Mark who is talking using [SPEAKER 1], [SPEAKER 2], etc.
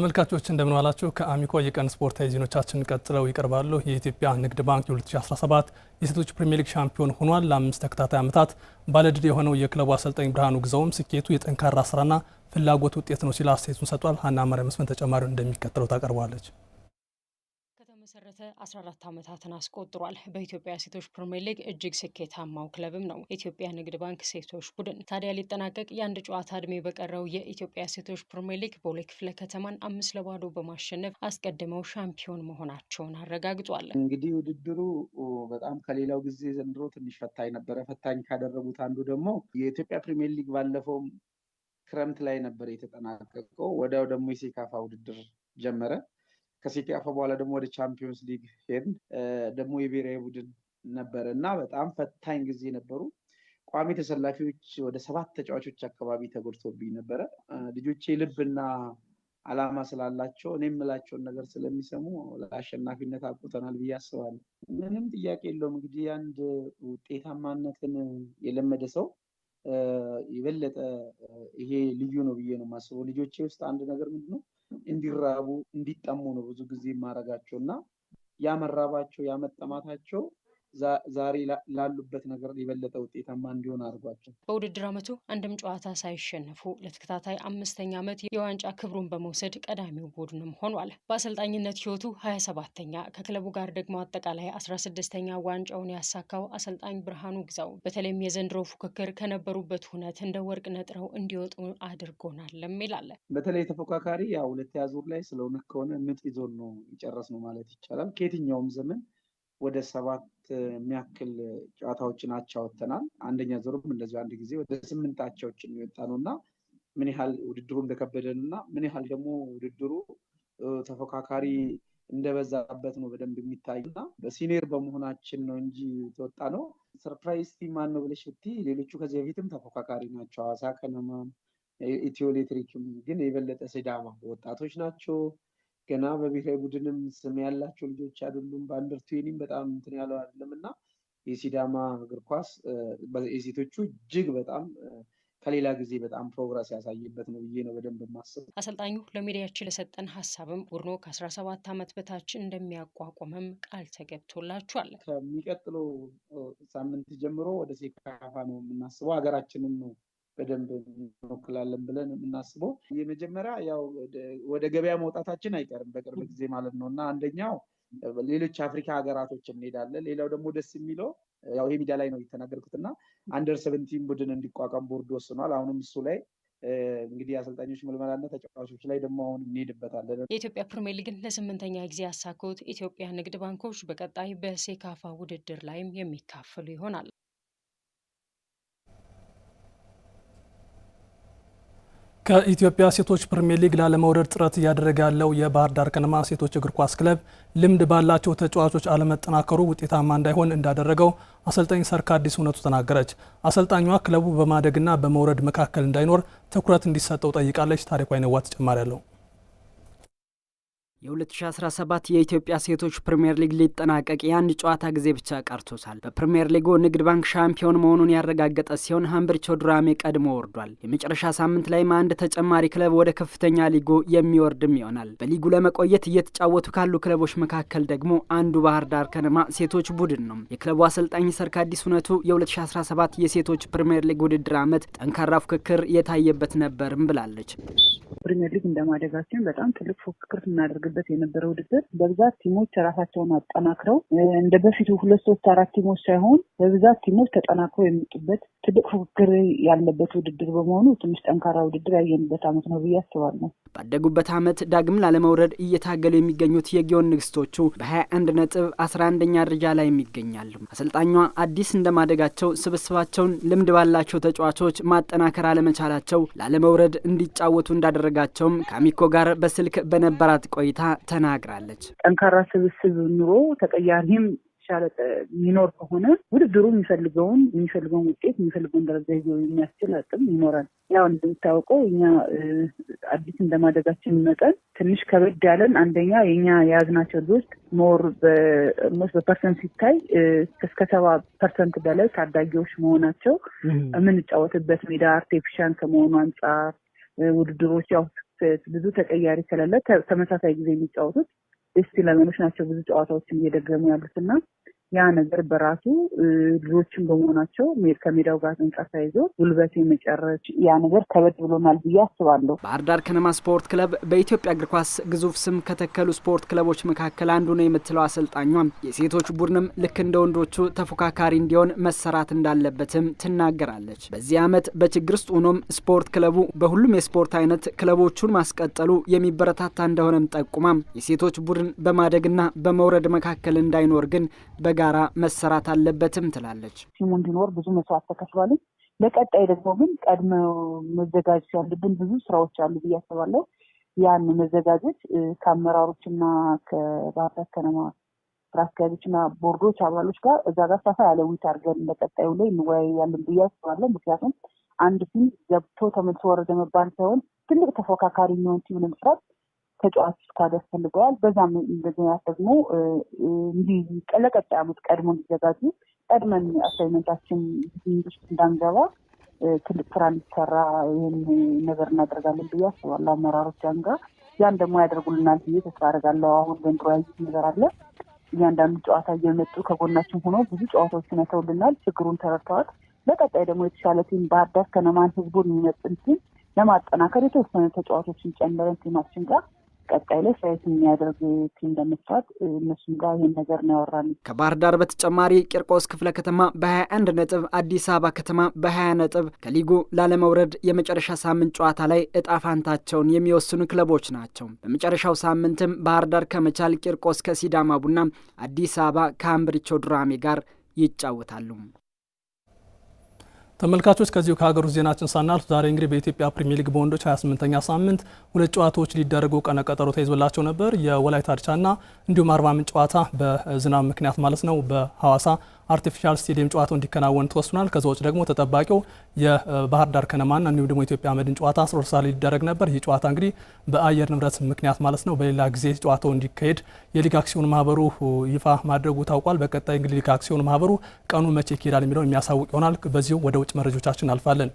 [SPEAKER 1] ተመልካቾች እንደምን ዋላችሁ። ከአሚኮ የቀን ስፖርታዊ ዜናዎቻችን ቀጥለው ይቀርባሉ። የኢትዮጵያ ንግድ ባንክ 2017 የሴቶች ፕሪሚየር ሊግ ሻምፒዮን ሆኗል። ለአምስት ተከታታይ ዓመታት ባለድል የሆነው የክለቡ አሰልጣኝ ብርሃኑ ግዛውም ስኬቱ የጠንካራ ስራና ፍላጎት ውጤት ነው ሲል አስተያየቱን ሰጥቷል። ሀና መሪያ መስፍን ተጨማሪውን እንደሚከተለው ታቀርበዋለች።
[SPEAKER 2] ከተመሰረተ 14 ዓመታትን አስቆጥሯል። በኢትዮጵያ ሴቶች ፕሪሚየር ሊግ እጅግ ስኬታማው ክለብም ነው የኢትዮጵያ ንግድ ባንክ ሴቶች ቡድን። ታዲያ ሊጠናቀቅ የአንድ ጨዋታ እድሜ በቀረው የኢትዮጵያ ሴቶች ፕሪሚየር ሊግ ቦሌ ክፍለ ከተማን አምስት ለባዶ በማሸነፍ አስቀድመው ሻምፒዮን መሆናቸውን አረጋግጧል።
[SPEAKER 3] እንግዲህ ውድድሩ በጣም ከሌላው ጊዜ ዘንድሮ ትንሽ ፈታኝ ነበረ። ፈታኝ ካደረጉት አንዱ ደግሞ የኢትዮጵያ ፕሪሚየር ሊግ ባለፈውም ክረምት ላይ ነበር የተጠናቀቀው። ወዲያው ደግሞ የሴካፋ ውድድር ጀመረ። ከሴካፋ በኋላ ደግሞ ወደ ቻምፒዮንስ ሊግ ሄድን። ደግሞ የብሔራዊ ቡድን ነበረ እና በጣም ፈታኝ ጊዜ ነበሩ። ቋሚ ተሰላፊዎች ወደ ሰባት ተጫዋቾች አካባቢ ተጎድቶብኝ ነበረ። ልጆቼ ልብና አላማ ስላላቸው እኔ የምላቸውን ነገር ስለሚሰሙ ለአሸናፊነት አቁተናል ብዬ አስባለሁ። ምንም ጥያቄ የለውም። እንግዲህ አንድ ውጤታማነትን የለመደ ሰው የበለጠ ይሄ ልዩ ነው ብዬ ነው የማስበው። ልጆቼ ውስጥ አንድ ነገር ምንድነው ነው እንዲራቡ እንዲጠሙ ነው ብዙ ጊዜ የማረጋቸው እና ያመራባቸው ያመጠማታቸው ዛሬ ላሉበት ነገር የበለጠ ውጤታማ እንዲሆን አድርጓቸው።
[SPEAKER 2] በውድድር ዓመቱ አንድም ጨዋታ ሳይሸነፉ ለተከታታይ አምስተኛ ዓመት የዋንጫ ክብሩን በመውሰድ ቀዳሚው ቡድንም ሆኗል። በአሰልጣኝነት ሕይወቱ ሀያ ሰባተኛ ከክለቡ ጋር ደግሞ አጠቃላይ አስራ ስድስተኛ ዋንጫውን ያሳካው አሰልጣኝ ብርሃኑ ግዛው በተለይም የዘንድሮ ፉክክር ከነበሩበት ሁነት እንደ ወርቅ ነጥረው እንዲወጡ አድርጎናልም ይላል።
[SPEAKER 3] በተለይ ተፎካካሪ ያ ሁለተኛ ዙር ላይ ስለሆነ ከሆነ ምጥ ይዞን ነው የጨረስ ነው ማለት ይቻላል ከየትኛውም ዘመን ወደ ሰባት የሚያክል ጨዋታዎችን አቻወተናል። አንደኛ ዞርም እንደዚሁ አንድ ጊዜ ወደ ስምንት አቻዎችን የወጣ ነው እና ምን ያህል ውድድሩ እንደከበደን እና ምን ያህል ደግሞ ውድድሩ ተፎካካሪ እንደበዛበት ነው በደንብ የሚታይ እና በሲኒየር በመሆናችን ነው እንጂ የተወጣ ነው። ሰርፕራይዝ ቲም ማን ነው ብለሽ ብቲ ሌሎቹ ከዚህ በፊትም ተፎካካሪ ናቸው። ሐዋሳ ከነማም ኢትዮ ኤሌክትሪክም ግን የበለጠ ሲዳማ ወጣቶች ናቸው። ገና በብሔራዊ ቡድንም ስም ያላቸው ልጆች አይደሉም። በአንደር ትዌኒም በጣም እንትን ያለው አይደለም እና የሲዳማ እግር ኳስ የሴቶቹ እጅግ በጣም ከሌላ ጊዜ በጣም ፕሮግረስ ያሳየበት ነው ብዬ ነው በደንብ ማስብ።
[SPEAKER 2] አሰልጣኙ ለሚዲያችን ለሰጠን ሀሳብም ቡድኖ ከአስራ ሰባት ዓመት በታች እንደሚያቋቁምም ቃል ተገብቶላችኋል።
[SPEAKER 3] ከሚቀጥለው ሳምንት ጀምሮ ወደ ሴካፋ ነው የምናስበው ሀገራችንም ነው በደንብ እንወክላለን ብለን የምናስበው የመጀመሪያ ያው ወደ ገበያ መውጣታችን አይቀርም በቅርብ ጊዜ ማለት ነው እና አንደኛው ሌሎች አፍሪካ ሀገራቶች እንሄዳለን። ሌላው ደግሞ ደስ የሚለው ያው ይሄ ሚዲያ ላይ ነው የተናገርኩትና አንደር ሰቨንቲን ቡድን እንዲቋቋም ቦርድ ወስኗል። አሁንም እሱ ላይ እንግዲህ አሰልጣኞች ምልመላና ተጫዋቾች ላይ ደግሞ አሁን እንሄድበታለን።
[SPEAKER 2] የኢትዮጵያ ፕሪሚየር ሊግን ለስምንተኛ ጊዜ ያሳኩት ኢትዮጵያ ንግድ ባንኮች በቀጣይ በሴካፋ ውድድር ላይም የሚካፈሉ ይሆናል።
[SPEAKER 1] ከኢትዮጵያ ሴቶች ፕሪሚየር ሊግ ላለመውረድ ጥረት እያደረገ ያለው የባህር ዳር ከነማ ሴቶች እግር ኳስ ክለብ ልምድ ባላቸው ተጫዋቾች አለመጠናከሩ ውጤታማ እንዳይሆን እንዳደረገው አሰልጣኝ አዲስ እውነቱ ተናገረች። አሰልጣኟ ክለቡ በማደግና በመውረድ መካከል እንዳይኖር ትኩረት እንዲሰጠው ጠይቃለች። ታሪኳ ይነዋ ተጨማሪ ያለው የ2017 የኢትዮጵያ ሴቶች ፕሪምየር ሊግ ሊጠናቀቅ የአንድ ጨዋታ ጊዜ ብቻ ቀርቶታል። በፕሪምየር ሊጉ ንግድ ባንክ ሻምፒዮን መሆኑን ያረጋገጠ ሲሆን ሀምብርቾ ዱራሜ ቀድሞ ወርዷል። የመጨረሻ ሳምንት ላይም አንድ ተጨማሪ ክለብ ወደ ከፍተኛ ሊጉ የሚወርድም ይሆናል። በሊጉ ለመቆየት እየተጫወቱ ካሉ ክለቦች መካከል ደግሞ አንዱ ባህር ዳር ከነማ ሴቶች ቡድን ነው። የክለቡ አሰልጣኝ አዲስ እውነቱ የ2017 የሴቶች ፕሪምየር ሊግ ውድድር ዓመት ጠንካራ ፉክክር የታየበት ነበርም ብላለች።
[SPEAKER 4] ፕሪሚየር ሊግ እንደማደጋችን በጣም ትልቅ ፉክክር ስናደርግበት የነበረ ውድድር በብዛት ቲሞች ራሳቸውን አጠናክረው እንደ በፊቱ ሁለት ሶስት አራት ቲሞች ሳይሆን በብዛት ቲሞች ተጠናክረው የመጡበት ትልቅ ፉክክር ያለበት ውድድር በመሆኑ ትንሽ ጠንካራ ውድድር ያየንበት አመት ነው ብዬ አስባለሁ።
[SPEAKER 1] ባደጉበት አመት ዳግም ላለመውረድ እየታገሉ የሚገኙት የጊዮን ንግስቶቹ በ21 ነጥብ 11ኛ ደረጃ ላይ የሚገኛሉ። አሰልጣኟ አዲስ እንደማደጋቸው ስብስባቸውን ልምድ ባላቸው ተጫዋቾች ማጠናከር አለመቻላቸው ላለመውረድ እንዲጫወቱ እንዳደ እንዳደረጋቸውም ከአሚኮ ጋር በስልክ በነበራት ቆይታ ተናግራለች።
[SPEAKER 4] ጠንካራ ስብስብ ኑሮ ተቀያሪም የተሻለ የሚኖር ከሆነ ውድድሩ የሚፈልገውን የሚፈልገውን ውጤት የሚፈልገውን ደረጃ ይዞ የሚያስችል አቅም ይኖራል። ያው እንደሚታወቀው እኛ አዲስ እንደማደጋችን መጠን ትንሽ ከበድ ያለን አንደኛ የኛ የያዝናቸው ልጆች ሞር ሞስ በፐርሰንት ሲታይ እስከ ሰባ ፐርሰንት በላይ ታዳጊዎች መሆናቸው የምንጫወትበት ሜዳ አርቴፊሻን ከመሆኑ አንጻር ውድድሮች ያው ብዙ ተቀያሪ ስለለ ተመሳሳይ ጊዜ የሚጫወቱት ደስ ናቸው ብዙ ጨዋታዎችን እየደገሙ ያሉት እና ያ ነገር በራሱ ልጆችን በመሆናቸው ከሜዳው ጋር ንጻት ተያይዞ ጉልበት የመጨረች ያ ነገር ከበድ ብሎናል ብዬ አስባለሁ።
[SPEAKER 1] ባህር ዳር ከነማ ስፖርት ክለብ በኢትዮጵያ እግር ኳስ ግዙፍ ስም ከተከሉ ስፖርት ክለቦች መካከል አንዱ ነው የምትለው አሰልጣኟ፣ የሴቶች ቡድንም ልክ እንደ ወንዶቹ ተፎካካሪ እንዲሆን መሰራት እንዳለበትም ትናገራለች። በዚህ አመት በችግር ውስጥ ሆኖም ስፖርት ክለቡ በሁሉም የስፖርት አይነት ክለቦቹን ማስቀጠሉ የሚበረታታ እንደሆነም ጠቁማም የሴቶች ቡድን በማደግና በመውረድ መካከል እንዳይኖር ግን በ በጋራ መሰራት አለበትም ትላለች።
[SPEAKER 4] ቲሙ እንዲኖር ብዙ መስዋዕት ተከፍሏል። ለቀጣይ ደግሞ ግን ቀድመ መዘጋጀት ያለብን ብዙ ስራዎች አሉ ብዬ አስባለሁ። ያን መዘጋጀት ከአመራሮችና ከባህርዳር ከነማ ስራ አስኪያጆችና ቦርዶች አባሎች ጋር እዛ ጋር ሰፋ ያለ ውይይት አድርገን ለቀጣዩ ላይ እንወያያለን ብዬ አስባለሁ። ምክንያቱም አንድ ቲም ገብቶ ተመልሶ ወረደ መባል ሳይሆን ትልቅ ተፎካካሪ የሚሆን ቲም ለመስራት ተጫዋች ስኳድ ያስፈልገዋል። በዛም እንደዚህናት ደግሞ እንዲህ ለቀጣይ ዓመት ቀድሞ እንዲዘጋጁ ቀድመን አሳይመንታችን ውስጥ እንዳንገባ ትልቅ ስራ እንዲሰራ ይህን ነገር እናደርጋለን ብዬ አስባለሁ። አመራሮች ያን ጋር ያን ደግሞ ያደርጉልናል ብዬ ተስፋ አደርጋለሁ። አሁን ዘንድሮ ያዩት ነገር አለ። እያንዳንዱ ጨዋታ እየመጡ ከጎናችን ሆኖ ብዙ ጨዋታዎችን ያተውልናል። ችግሩን ተረድተዋል። በቀጣይ ደግሞ የተሻለ ቲም ባህርዳር ከነማን ህዝቡን የሚመጥን ቲም ለማጠናከር የተወሰነ ተጫዋቾችን ጨምረን ቲማችን ጋር ቀጣይ ላይ ሳይት የሚያደርጉ ቲም እነሱም ጋር ይህን ነገር ነው ያወራል።
[SPEAKER 1] ከባህር ዳር በተጨማሪ ቂርቆስ ክፍለ ከተማ በ21 ነጥብ፣ አዲስ አበባ ከተማ በ20 ነጥብ ከሊጉ ላለመውረድ የመጨረሻ ሳምንት ጨዋታ ላይ እጣፋንታቸውን የሚወስኑ ክለቦች ናቸው። በመጨረሻው ሳምንትም ባህር ዳር ከመቻል፣ ቂርቆስ ከሲዳማ ቡና፣ አዲስ አበባ ከአምብሪቾ ዱራሜ ጋር ይጫወታሉ። ተመልካቾች ከዚሁ ከሀገር ውስጥ ዜናችን ሳናልፍ ዛሬ እንግዲህ በኢትዮጵያ ፕሪሚየር ሊግ በወንዶች 28ኛ ሳምንት ሁለት ጨዋታዎች ሊደረጉ ቀነ ቀጠሮ ተይዞላቸው ነበር። የወላይታ ድቻና እንዲሁም አርባ ምንጭ ጨዋታ በዝናብ ምክንያት ማለት ነው በሐዋሳ አርቲፊሻል ስቴዲየም ጨዋታው እንዲከናወን ተወስኗል። ከዛ ውጭ ደግሞ ተጠባቂው የባህር ዳር ከነማና እንዲሁም ደግሞ ኢትዮጵያ መድን ጨዋታ 12 ሰዓት ሊደረግ ነበር። ይህ ጨዋታ እንግዲህ በአየር ንብረት ምክንያት ማለት ነው በሌላ ጊዜ ጨዋታው እንዲካሄድ የሊግ አክሲዮን ማህበሩ ይፋ ማድረጉ ታውቋል። በቀጣይ እንግዲህ ሊግ አክሲዮን ማህበሩ ቀኑ መቼ ይካሄዳል የሚለው የሚያሳውቅ ይሆናል። በዚሁ ወደ ውጭ መረጃዎቻችን አልፋለን።